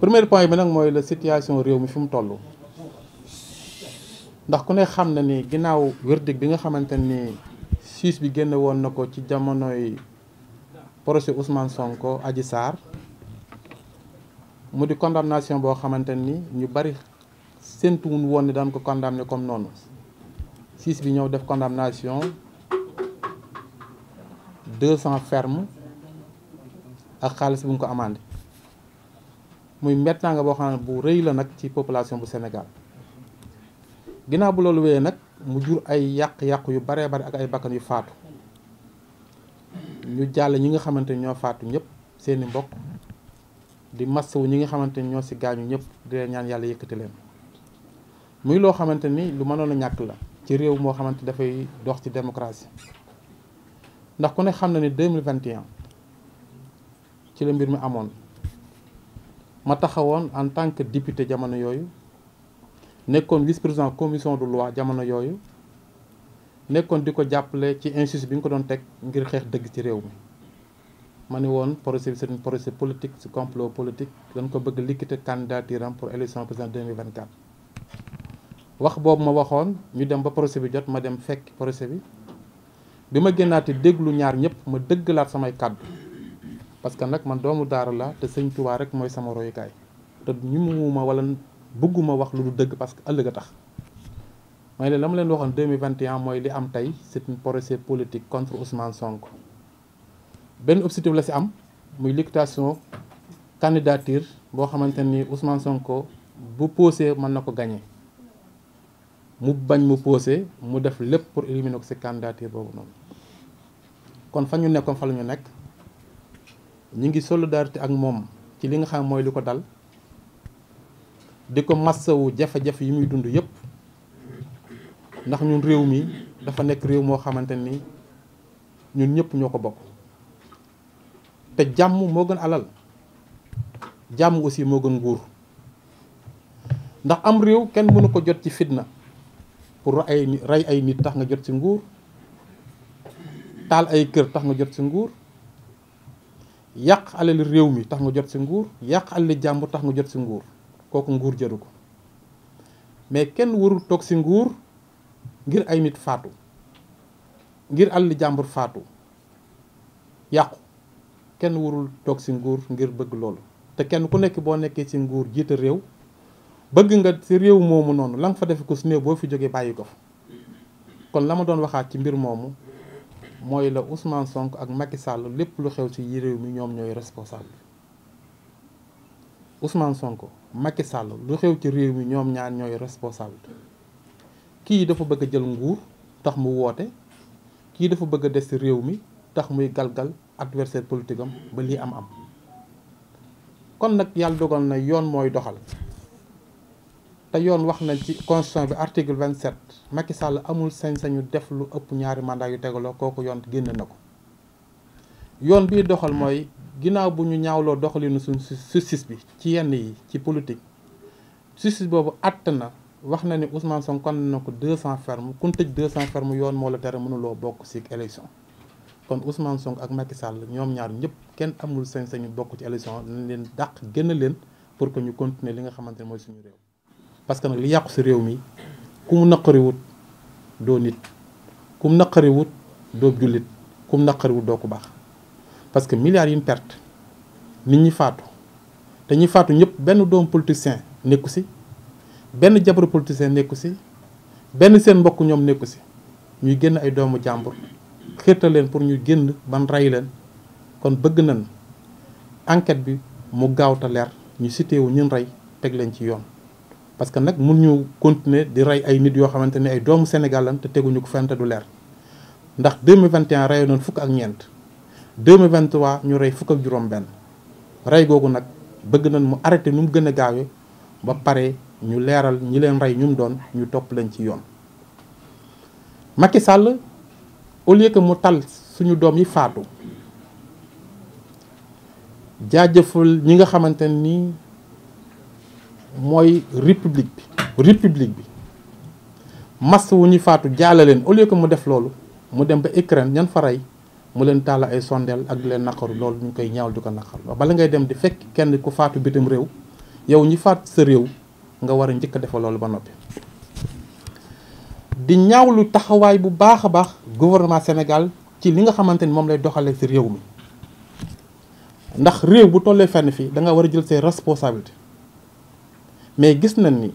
premier point bi nag mooy la situation réew mi fi mu toll ndax ku ne xam na ni ginnaaw verdict bi nga xamante ni siis bi génne woon na ko ci jamonoy procès Ousmane Sonko Adji Sarr mu di condamnation boo xamante ni ñu bari séntuwuñ woon ni daan ko condamné comme noonu juge bi ñëw def condamnation deux cent ferme ak xaalis bu ñu ko amandé muy metnaanga boo xam bu rëy la nag ci population bu Sénégal ginnaaw bu loolu wéyee nag mu jur ay yàq-yàq yu baree bari ak ay bakkan yu faatu ñu jàll ñi nga xamante ñoo faatu ñëpp seeni mbokk di massawu ñi nga xamante ñoo ci gaañu ñëpp di leen ñaan yàlla yëkkati leen muy loo xamante ni lu mënoon a ñàkk la ci réew moo xamante dafay dox ci démocratie ndax ku ne xam na ne deux mille vingt et ci la mbir mi amoon ma taxawoon en tant que député jamono yooyu nekkoon vice président commission de loi jamono yooyu nekkoon di ko jàppale ci injustice bi ñu ko doon teg ngir xeex dëgg ci réew mi ma ne woon projet bi c'est un projet politique ci complot politique dañ ko bëgg liquider candidature am pour élection président 2024 wax boobu ma waxoon ñu dem ba projet bi jot ma dem fekk projet bi bi ma génnaate déglu ñaar ñëpp ma dëgg dëggalaat samay kàddu parce que nag man doomu daara la te sëñ Tuubaa rek mooy sama royukaay te ñu muuma wala bëgguma wax lu du dëgg parce que ëllëg a tax may ne la ma leen waxoon 2021 mooy li am tey c'est un procès politique contre Ousmane sonk benn objectif la si am muy liquidation candidature boo xamante ni Ousmane Sonko bu posé mën na ko gagné mu bañ mu poose mu def lépp pour éliminer ko si candidature boobu noonu kon fa ñu nekkoon fa la ñu nekk ñu ngi solidarité ak moom ci li nga xam mooy li ko dal di ko massawu jafe-jafe yi muy dund yépp ndax ñun réew mi dafa nekk réew moo xamante ni ñun ñëpp ñoo ko bokk te jàmm moo gën alal jàmm aussi moo gën nguur ndax am réew kenn mënu ko jot ci fitna pour ay rey ay nit tax nga jot ci nguur taal ay kër tax nga jot ci nguur yàq alali réew mi tax nga jot si nguur yàq alali jàmbur tax nga jot si nguur kooku nguur jëru ko mais kenn warul toog si nguur ngir ay nit faatu ngir alali jàmbur faatu yàqu kenn warul toog ci nguur ngir bëgg loolu te kenn ku nekk boo nekkee ci nguur jiite réew bëgg nga si réew moomu noonu la nga fa defe ko su boo fi jógee bàyyi ko fa kon la ma doon waxaat ci mbir moomu mooy la Ousmane sonk ak Macky Sall lépp lu xew ci réew mi ñoom ñooy responsable Ousmane Sonko Macky Sall lu xew ci réew mi ñoom ñaar ñooy responsable kii dafa bëgg a jël nguur tax mu woote kii dafa bëgg a des ci réew mi tax muy galgal adversaire politique am ba lii am am kon nag yàlla dogal na yoon mooy doxal te yoon wax na ci constitution bi article 27 Macky Sall amul sañ-sañu def lu ëpp ñaari mandat yu tegaloo kooku yoon génn na ko yoon bii doxal mooy ginnaaw bu ñu ñaawloo doxalinu suñ justice bi ci yenn yi ci politique justice boobu àtt na wax na ni Ousmane Sonko kon na ko 200 ferme kun tëj 200 ferme yoon moo la tere mënuloo bokk ci élection kon Ousmane Sonko ak Macky Sall ñoom ñaar ñëpp kenn amul sañ-sañu bokk ci élection nañ leen dàq gën leen pour que ñu continuer li nga xamante ne mooy suñu réew. parce que nag li yàqu si réew mi ku mu naqariwut doo nit ku mu naqariwut doo jullit ku mu naqariwut doo ko baax parce que milliards yi ñu perte nit ñi faatu te ñi faatu ñëpp benn doom politicien nekku si benn jabaru politicien nekku si benn seen mbokk ñoom nekku si ñuy génn ay doomu jàmbur xirtal leen pour ñu génn ban ray leen kon bëgg na enquête bi mu gaaw te leer ñu sitewu wu rey teg leen ci yoon parce que nag mun ñu continuer di rey ay nit yoo xamante ne ay doomu Sénégal te teguñu ko fenn du leer ndax vingt 2021 rey noonu fukk ak ñeent 2023 ñu rey fukk ak juróom-benn rey googu nag bëgg nañ mu arrêté nu mu gën a gaawee ba pare ñu leeral ñi leen rey ñu mu doon ñu topp leen ci yoon. makki sàll au lieu que mu tal suñu doom yi faatu jaajëfal ñi nga xamante nii mooy république bi république bi masse wu ñu faatu jaale leen au que mu def loolu mu dem ba Ukraine ñan fa rey mu leen tàll ay sondeel ak di leen naqaru loolu ñu koy ñaawal di ko naqar bala ngay dem di fekk kenn ku faatu bitim réew yow ñi faat sa réew nga war a njëkk a defal loolu ba noppi di ñaawlu taxawaay bu baax a baax gouvernement Sénégal ci li nga xamante ni moom lay doxalee si réew mi ndax réew bu tollee fenn fii da nga war a jël ses responsabilités mais gis nañ ni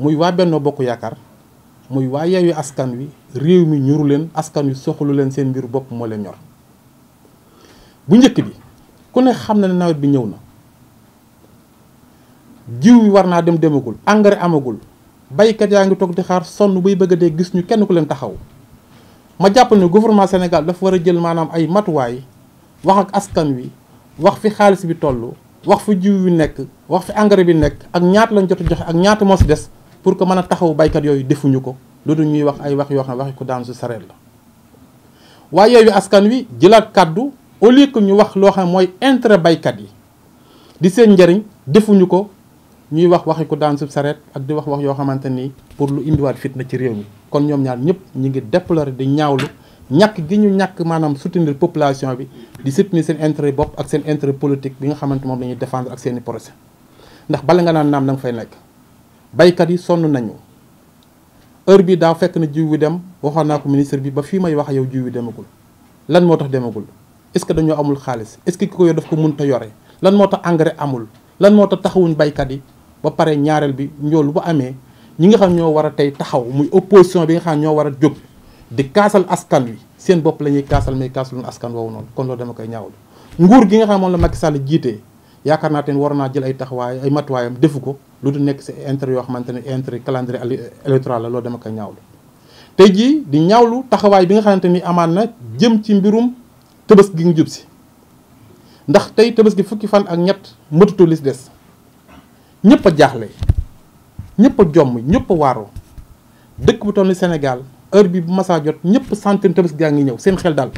muy waa Bennoo Bokk Yaakaar muy waa Yewwi Askan Wi réew mi ñuru leen askan wi soxalu leen seen mbiru bopp moo leen ñor bu njëkk bi ku ne xam na ne nawet bi ñëw na jiw wi war naa dem demagul engrais amagul baykat yaa ngi toog di xaar sonn buy bëgg a dee gis ñu kenn ku leen taxaw ma jàpp ne gouvernement Sénégal dafa war a jël maanaam ay matuwaay wax ak askan wi wax fi xaalis bi toll wax fi jiw wi nekk wax fi engrais bi nekk ak ñaata lañ jot joxe ak ñaata moo si des pour que mën a taxaw baykat yooyu defuñu ko loolu ñuy wax ay wax yoo xam ne waxi ko daanu si la waaye askan wi jëlaat kàddu au lieu que ñu wax loo xam ne mooy intérêt baykat yi di seen njëriñ defuñu ko ñuy wax waxi ko daan sub ak di wax wax yoo xamante ni pour lu indiwaat fitna ci réew mi kon ñoom ñaar ñëpp ñu ngi déplorer di ñaawlu ñàkk gi ñu ñàkk maanaam soutenir population bi di soutenir seen intérêt bopp ak seen intérêt politique bi nga xamante moom la ñuy défendre ak seen i ndax bala nga naan naam da fay nekk baykat yi sonn nañu heure bi daa fekk na jiw wi dem waxoon naa ko ministre bi ba fi may wax yow jiw wi demagul lan moo tax demagul est-ce que dañoo amul xaalis est-ce que ko yor daf ko mënta yore lan moo tax engrais amul lan moo tax taxawuñ baykat yi ba pare ñaareel bi njool bu amee ñi nga xam ñoo war a tey taxaw muy opposition bi nga xam ñoo war a jóg di kaasal askan wi seen bopp la ñuy kaasal mais askan woowu noonu kon loolu dama koy ñaawlu nguur gi nga xam moom la Macky Sall jiitee yaakaar naa te war naa jël ay taxawaay ay matuwaayam defu ko lu du nekk si intérêt yoo xamante ne intérêt calendrier électoral la loolu dama koy ñaawlu tey jii di ñaawlu taxawaay bi nga xamante ni amaan na jëm ci mbirum tëbës gi nga jub si ndax tey tëbës gi fukki fan ak ñett mëtutu lis des ñëpp a jaaxle ñëpp a jomm ñëpp a waaru Sénégal heure bi bu masaa jot ñëpp santen tabaski gaa ngi ñëw seen xel daal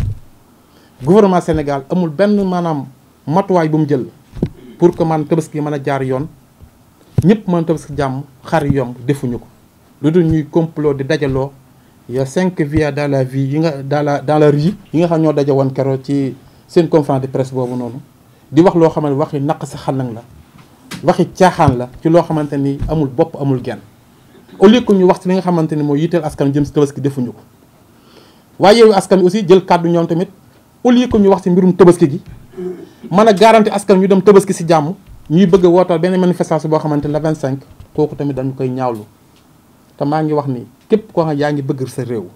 gouvernement Sénégal amul benn maanaam matuwaay bu mu jël pour que man tabaski mën a jaar yoon ñëpp mën tabaski jàmm xar yomb defuñu ko lu dul ñuy complot di dajaloo ya cinq via dans la vie yi nga dans la dans la rue yi nga xam ñoo daje woon keroog ci seen conférence de presse boobu noonu di wax loo xam ne waxi naq sa xanañ la waxi caaxaan la ci loo xamante ni amul bopp amul genn au lieu que ñu wax ci li nga xamante ne mooy yitteel askan jëm si tabaski defuñu ko waaye yow askan aussi jël kàddu ñoom tamit au lieu que ñu wax ci mbirum tabaski gi man a garanti askan ñu dem tabaski si jàmm ñuy bëgg wootal benn manifestation boo xamante ne la 25 kooku tamit dañu koy ñaawlu te maa ngi wax ni képp koo xam yaa ngi bëgg sa réew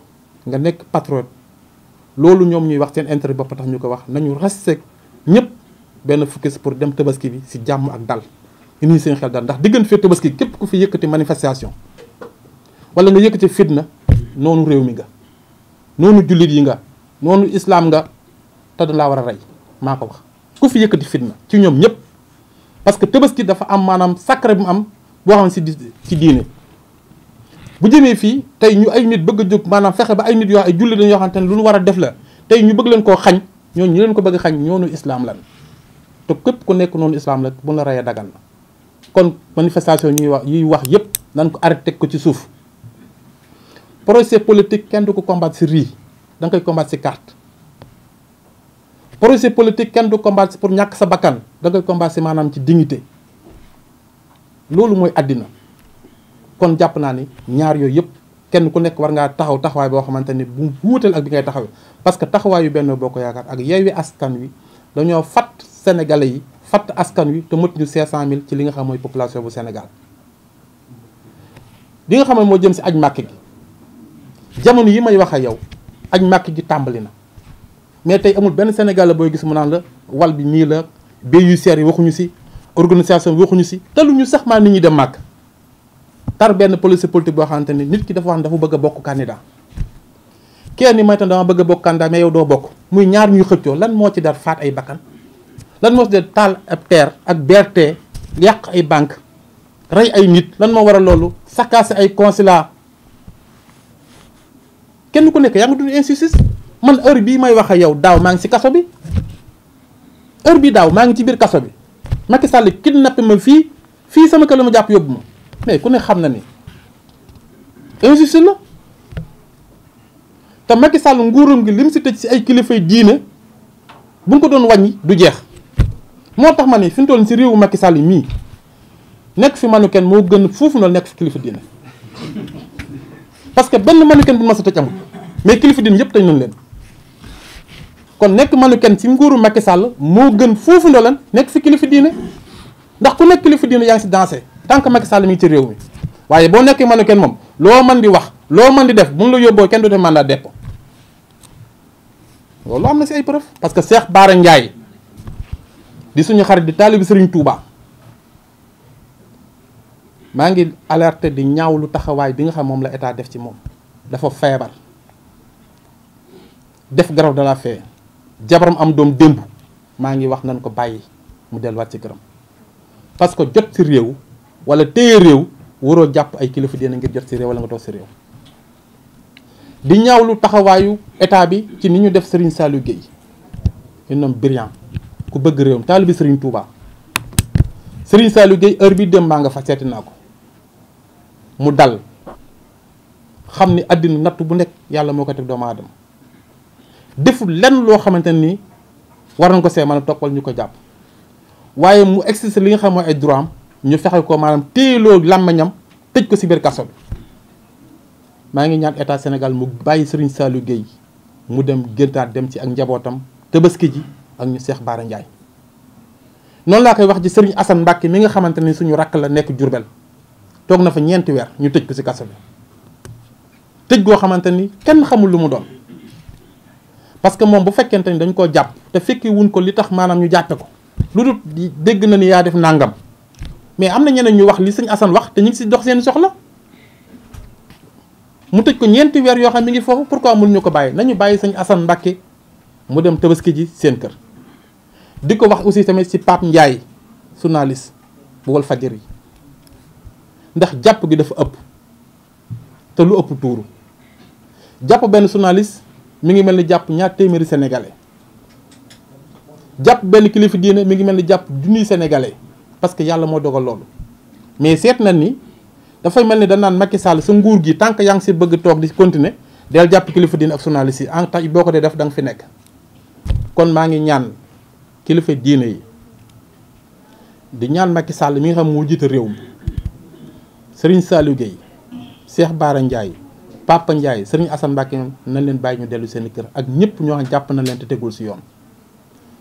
nga nekk patriote loolu ñoom ñuy wax seen intérêt bopp tax ñu ko wax nañu respect ñëpp benn focus pour dem tabaski bi si jàmm ak dal indi seen xel dal ndax diggante fee tabaski képp ku fi yëkkati manifestation. wala nga yëkkati fitna noonu réew mi nga noonu jullit yi nga noonu islaam nga te du laa war a rey maa ko wax ku fi yëkkati fitna ci ñoom ñëpp parce que tabaski dafa am maanaam sacré bu am boo xam si ci diine bu jëmee fii tey ñu ay nit bëgg a jóg maanaam fexe ba ay nit yoo ay jullit dañ yoo xamante ne lu ñu war a def la tey ñu bëgg leen koo xañ ñooñu ñu leen ko bëgg xañ ñoonu islaam lan te képp ku nekk noonu islaam la bu a reyee dagal la kon manifestation ñuy wax yuy wax yëpp nan ko arrêté ko ci suuf procès politique kenn du ko combattre si rii da nga koy combattre si carte procès politique kenn du combattre si pour ñàkk sa bakkan da nga koy combattre si maanaam ci dignité loolu mooy àddina kon jàpp naa ni ñaar yooyu yëpp kenn ku nekk war ngaa taxaw taxawaay boo xamante ni bu wuuteel ak bi ngay taxawee parce que taxawaayu benn boo ko yaakaar ak yeewi askan wi dañoo fat sénégalais yi fat askan wi te mët ñu 500000 ci li nga xam mooy population bu Sénégal li nga xam moo jëm si aj màkk gi jamono yi may wax a yow ak màkk ji tàmbali na mais tey amul benn Sénégalais booy gis mu naan la wal bi nii la BUCR yi waxuñu si organisation bi waxuñu si te sax maa nit ñi dem màkk tar benn police politique boo xamante ni nit ki dafa wax dafa bëgg a bokk candidat kenn may tam dama bëgg a bokk candidat mais yow doo bokk muy ñaar ñuy xëccoo lan moo ci dar faat ay bakkan lan moo ci dar taal ab terre ak berte yàq ay banque rey ay nit lan moo waral loolu sakaase ay consulat kenn ku nekk yaa ngi dund injustice man heure bii may wax ak yow daaw maa ngi si kaso bi heure bi daaw maa ngi ci biir kaso bi Macky Sall kidnappé ma fii fii sama kër la ma jàpp yóbbu ma mais ku ne xam na ni injustice la te Macky Sall nguuram gi lim si tëj si ay kilifay diine buñ ko doon wàññi du jeex moo tax ma ne fi ñu toll si réewu Macky Sall mii nekk fi manu kenn moo gën foofu noonu nekk fi kilifa diine parce que benn manu kenn bu ma sa tëj amul mais kilifa diine yëpp dañ nañ leen kon nekk mannequin ci nguuru Macky Sall moo gën foofu ndo leen nekk fi kilifa diine ndax ku nekk kilifa diine yaa ngi si dansé tant que Macky mi ci réew mi waaye boo nekkee kenn moom loo man di wax loo mën di def bu mu la yóbboo kenn doote mandat dépôt loolu am na si ay preuve parce que Cheikh Bara Ndiaye di suñu xarit di taalibi Serigne Touba maa ngi alerté di ñaaw lu taxawaay bi nga xam moom la état def ci moom dafa feebar def grève de la jabaram am doom démb maa ngi wax nañ ko bàyyi mu delluwaat ci këram parce que jot si réew wala téye réew waroo jàpp ay kilifa dina ngir jot si réew wala nga toog si réew di ñaawlu taxawaayu état bi ci ni ñu def Serigne Saliou Gueye un homme brillant ku bëgg réewam taalibi Serigne Touba Serigne Saliou Gueye heure bi dem maa nga fa seeti naa ko mu dal xam ni àddina natt bu nekk yàlla moo ko teg doomu aadama deful lenn loo xamante ni war nañ ko see maanaam toppal ñu ko jàpp waaye mu exercer li nga xam ay droit am ñu fexe ko maanaam téeloo làmmiñam tëj ko si biir kaso bi maa ngi ñaan état senegal mu bàyyi Serigne Saliou Gueye mu dem gëntaat dem ci ak njabootam Tabaski ji ak ñu seex Bara Ndiaye noonu laa koy wax ji Serigne Assane Mbacke mi nga xamante ni suñu rakk la nekk Jurbel toog na fa ñeenti weer ñu tëj ko si kaso bi tëj goo xamante ni kenn xamul lu mu doon parce que moom bu fekkente ni dañ koo jàpp te fekki wuñ ko li tax maanaam ñu jàppe ko lu dul dégg na ni yaa def nàngam mais am na ñeneen ñu wax li sëñ Assane wax te ñu ngi si dox seen soxla mu tëj ko ñeenti weer yoo xam mi ngi foofu pour ko mun ñu ko bàyyi nañu bàyyi sañ Assane Mbacke mu dem tabaski ji seen kër di ko wax aussi tamit si paat Ndiaye journaliste bu wal fajar yi ndax jàpp gi dafa ëpp te lu ëpp tuuru jàpp benn journaliste mi ngi mel ni jàpp ñaar téeméeri sénégalais jàpp benn kilifa diine mi ngi mel ni jàpp junniy sénégalais parce que yàlla moo dogal loolu mais seet na ni dafay mel ni danaan makki sàll sa nguur gi tant que yaa ngi si bëgg toog di continuer del jàpp kilifa diine ak journaliste yi en tant boo ko dee def da nga fi nekk kon maa ngi ñaan kilifa diine yi di ñaan makki sàll mu ngi xam moo jiite réew mi Serigne Saliou Gueye Cheikh Bara Ndiaye Papa Ndiaye Serigne Assane Mbacke nañ leen bàyyi ñu dellu seeni kër ak ñëpp ñoo xam jàpp na leen te tegul si yoon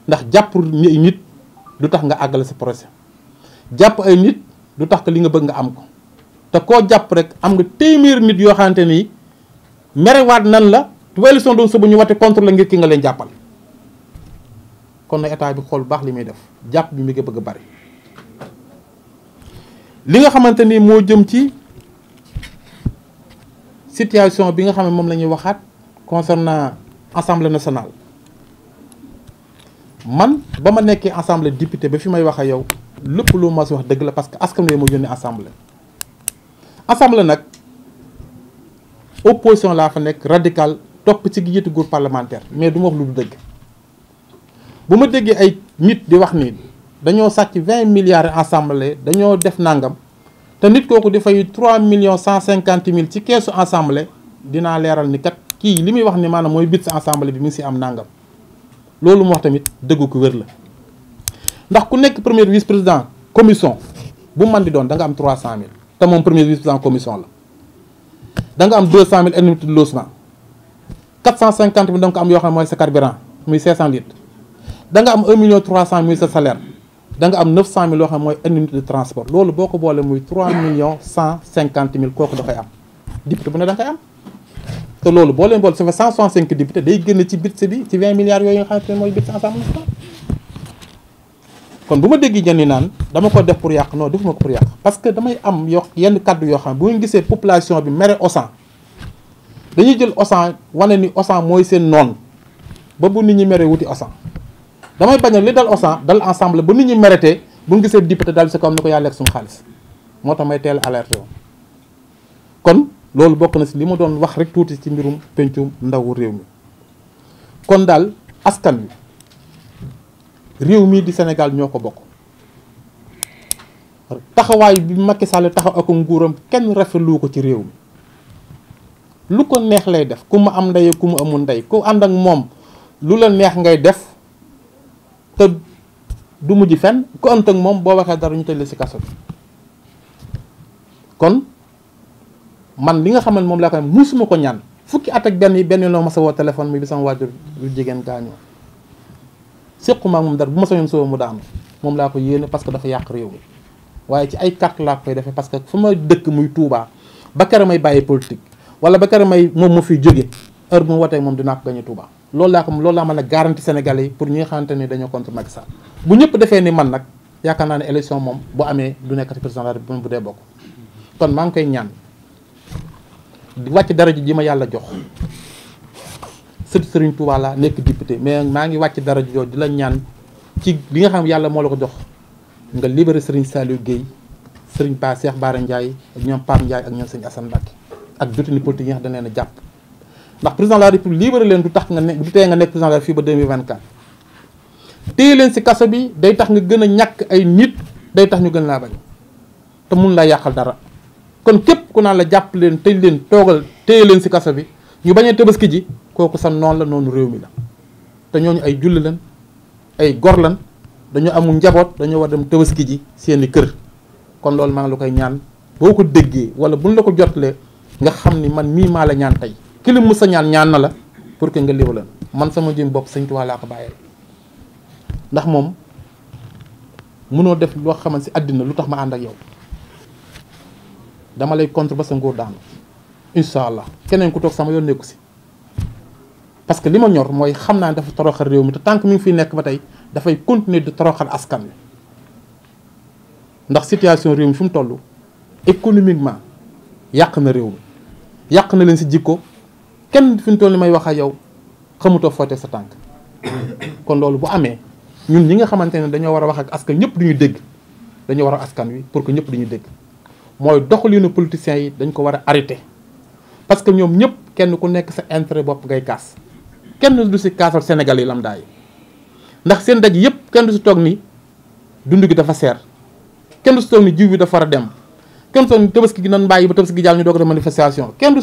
ndax jàpp nit du tax nga àggale sa projet jàpp ay nit du tax que li nga bëgg nga am ko te koo jàpp rek am nga téeméer nit yoo xamante ni merewaat nan la élection doon sëb ñu wate contre la ngir ki nga leen jàppal kon na état bi xool baax li may def jàpp bi mi nga bëgg a bari li nga xamante ni moo jëm ci. situation bi nga xam ne moom la ñuy waxaat concernant assemblée national man ba ma nekkee assemblée député ba fi may wax a yow lépp lu ma si wax dëgg la parce que askan wi ma yónnee assemblée. assemblée nag opposition laa fa nekk radical topp ci jiitu groupe parlementaire mais du ma wax lu dul dëgg bu ma déggee ay nit di wax ni dañoo sàcc vingt milliards assemblée dañoo def nangam. te nit kooku di fay 3 millions cinquante mille ci keesu assemblée dinaa leeral ni kat kii li muy wax ni maanaam mooy bit sa assemblée bi mu si am nangam loolu mu wax tamit dëggu ko wér la ndax ku nekk premier vice président commission bu man di doon danga nga am 300 mille te moom premier vice président commission la da nga am 200 mille indemnité de logement 450 mille da nga ko am yoo xam ne mooy sa carburant muy 500 litres da nga am 1 million 300 muy sa salaire. danga am 900000 cent xam mooy une unité de transport loolu boo ko boolee muy 3 millions 150 mille kooku da am député bu ne da am te loolu boo leen boole ça fait 165 député day génn ci budget bi ci 20 milliards yooyu nga xamante ne mooy budget ensemble kon bu ma déggee jën ñi naan dama ko def pour yàq non defuma ko pour yàq parce que damay am yoo yenn kàddu yoo xam bu ñu gisee population bi mere Auchan dañuy jël Auchan wane ni Auchan mooy seen noon ba bu nit mere wuti Auchan damay bañ a li dal Auchan dal ensemble ba nit ñi méritee bu seet gisee député dal si kaw am ni ko yàlla lekk xaalis moo tax may teel alerté woon loolu bokk na si li ma doon wax rek tuuti ci mbirum pencum ndawu réew mi kon daal askan wi réew mii di Sénégal ñoo ko bokk taxawaay bi Macky Sall taxaw ak nguuram kenn rafetlu ko ci réew mi lu ko neex lay def ku mu am ndey ku mu amul ndey ku ànd ak moom lu la neex ngay def te du mujj fen ku ënt ak moom boo waxee dara ñu tëj la si kaso bi kon man li nga xam ne moom laa koy musuma ko ñaan fukki at ak benn yi benn yoon ma sa woo téléphone mi bi sama waajur yu jigéen gaañoo séquma ak moom dara bu ma sañoon soo mu daanu moom laa ko yéene parce que dafa yàq réew mi waaye ci ay carte laa koy defee parce que fu dëkk muy tuubaa ba kër may bàyyi politique wala ba kër may moom mu fi jóge heure bu ma wootee moom dinaa ko gañe Touba. loolu laa ko loolu laa mën a garanti Sénégalais yi pour ñi xamante ne dañoo contre Macky Sall bu ñëpp defee ni man nag yaakaar naa ne élection moom bu amee du nekkati président de la République bu dee bokk kon maa ngi koy ñaan wàcc dara ji ma yàlla jox sëtu Serigne Touba laa nekk député mais maa ngi wàcc daraja jooju di la ñaan ci li nga xam yàlla moo la ko jox nga libéré Serigne Saliou Guèye Serigne Ba Cheikh Bara Ndiaye ak ñoom Pape Ndiaye ak ñoom Serigne Assane Mbacké ak dutini politique yi nga xam ne dañ leen a jàpp ndax président de la république libéré leen du tax nga ne du tee nga nekk président de la république ba 2024. téye leen si kaso bi day tax nga gën a ñàkk ay nit day tax ñu gën laa bañ te mun laa yàqal dara kon képp ku naa la jàpp leen tëj leen toogal téye leen si kaso bi ñu bañ a tabaski ji kooku sa noon la noonu réew mi la te ñooñu ay julli lan ay gor lan dañoo amul njaboot dañoo war dem tabaski ji seeni kër kon loolu maa ngi la koy ñaan boo ko déggee wala buñ la ko jotlee nga xam ni man mii la ñaan tey kilim musa ñaan ñaan na la pour que nga lan man sama jëm bopp sëñ Tuubaa laa ko bàyyee ndax moom mënoo def loo xamante si àddina lu tax ma ànd ak yow dama lay contre ba sa nguur daanu incha allah keneen ku toog sama yoon nekku si parce que li ma ñor mooy xam naa dafa toroxal réew mi te tant mi ngi fiy nekk ba tey dafay continuer di toroxal askan ndax situation réew mi fi mu toll économiquement yàq na réew mi yàq na leen si jikko kenn fi mu toll li may wax ak yow xamutoo foote sa tànk kon loolu bu amee ñun ñi nga xamante ne dañoo war a wax ak askan ñëpp duñu dégg dañoo war a askan wi pour que ñëpp duñu dégg mooy doxalinu politiciens yi dañ ko war a arrêté parce que ñoom ñëpp kenn ku nekk sa intérêt bopp ngay kaas kenn du si kaasal Sénégal yi lambda ndax seen daj yëpp kenn du si toog ni dund gi dafa seer kenn du si toog ni jiw bi dafa war a dem kenn du si toog ni tabaski gi nan ba tabaski gi a manifestation kenn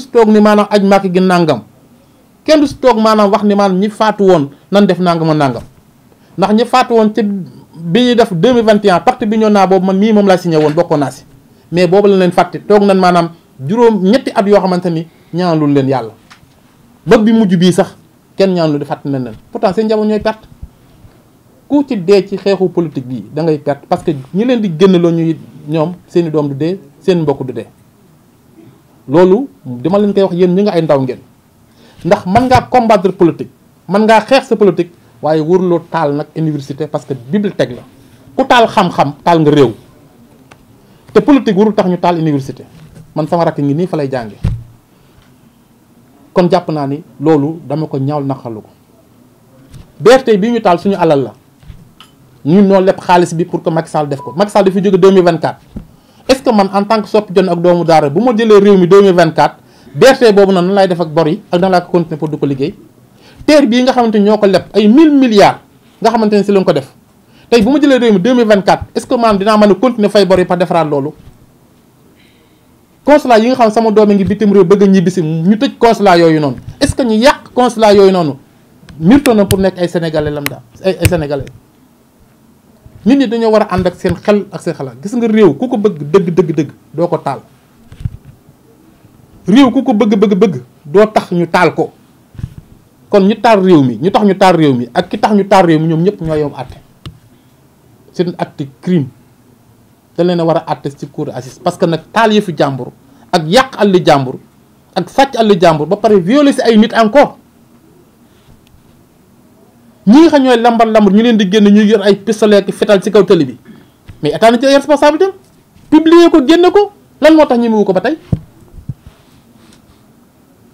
kenn du toog maanaam wax ni maanaam ñi faatu woon nan def nangam a nangam ndax ñi faatu woon ci bi ñu def 2021 pacte bi ñoo naa boobu man mii moom laa signé woon bokkoon naa si mais boobu la leen fàtte toog nan maanaam juróom ñetti at yoo xamante ni ñaanalul leen yàlla ba bi mujj bii sax kenn ñaanalul di fàtte na leen pourtant seen njaboot ñooy perte ku ci dee ci xeexu politique bii da ngay perte parce que ñi leen di génn loo ñoom seeni doom du dee seen mbokk du dee loolu dama leen koy wax yéen ñi nga ay ndaw ngeen ndax mën ngaa combattre politique mën ngaa xeex sa politique waaye waruloo taal nag université parce que bibliothèque la ku taal xam-xam taal nga réew te politique warul tax ñu taal université man sama rakk ngi nii fa lay jànge kon jàpp naa ni loolu dama ko ñaaw naqalu ko BRT bii ñu taal suñu alal la ñun noo lepp xaalis bi pour que Macky Sall def ko Macky Sall dafa jóge 2024 est-ce que man en tant que soppi ak doomu daara bu ma jëlee réew mi BRT boobu noonu nan laay def ak bor yi ak nan laa ko continuer pour du ko liggéey TER bii nga xamante ñoo ko leb ay 1000 milliards nga xamante ne si lañ ko def tey bu ma jëlee réew mi 2024 est ce que maanaam dinaa mën a continuer fay bor yi par defaraat loolu nga xam sama doom ngi bitim réew bëgg ñibbisi ñu yooyu noonu est ce que ñu yàq consulat yooyu noonu mérite na pour nekk ay sénégalais lambda ay ay sénégalais nit dañoo war a ànd ak seen xel ak seen gis nga réew ku ko bëgg dëgg dëgg dëgg doo ko taal réew ku ko bëgg bëgg bëgg doo tax ñu taal ko kon ñu taal réew mi ñu tax ñu taal réew mi ak ki tax ñu taal réew mi ñoom ñëpp ñoo yom àtte seen acte crime dañ leen war a àtte ci cour d'assises que nag taal yëfu jàmbur ak yàq àlli jàmbur ak sàcc àlli jàmbur ba pare violer si ay nit encore ñi nga xam ñooy lambar lambar ñu leen di génn ñuy yor ay pistolet ak fetal ci kaw tëli bi mais état na ci ay responsabilité ko génne ko lan moo tax ñemewu ko ba tey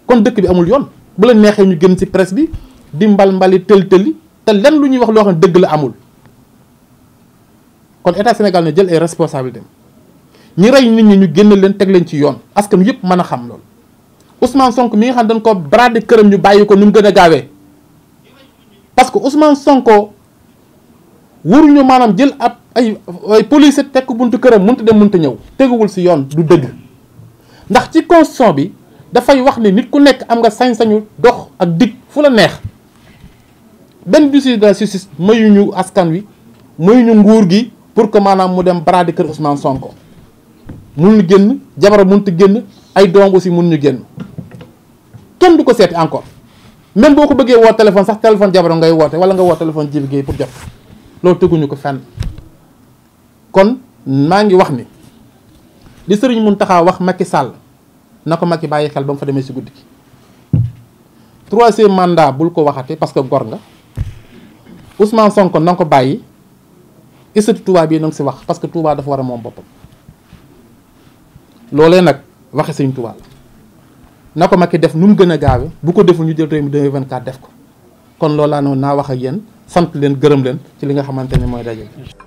kon dëkk bi amul yoon bu la neexee ñu gën ci presse bi di mbal mbali tël tëli te lenn lu ñuy wax loo xam ne dëgg la amul kon état Sénégal na jël ay responsabilités ñi rey nit ñi ñu génn leen teg leen ci yoon askan yëpp mën a xam loolu Ousmane sonk mi nga xam dañ ko brader këram ñu bàyyi ko nu mu gën a gaawee parce que Ousmane Sonko waruñu maanaam jël ab ay ay police teg ko buntu këram mënut dem mënut ñëw teguwul si yoon du dëgg ndax ci constitution bi. dafay wax ne nit ku nekk am nga sañ-sañu dox ak dig fu la neex benn décision de la justice mayuñu askan wi mayuñu nguur gi pour que maanaam mu dem baraadi kër Ousmane Sonko mënuñu génn jabara mënut génn ay doom aussi mënuñu génn kenn du ko seeti encore même boo ko bëggee woo téléphone sax téléphone jabara ngay woote wala nga woo téléphone Jibi Guèye pour jot loo teguñu ko fenn kon maa ngi wax ni li mun Mountakha wax Macky Sall. na ko i bàyyi xel ba mu fa demee si guddi gi troisième mandat bul ko waxate parce que gor nga Ousmane sonk na ko bàyyi isatu Touba yi na nga si wax parce que Touba dafa war a moom boppam loolee nag waxe sëñ tubaab la na ko Macky def nu mu gën a gaawe bu ko deful ñu jël réew mi 2024 def ko kon loolu laa noonu naa wax ak yéen sant leen gërëm leen ci li nga xamante ne mooy daje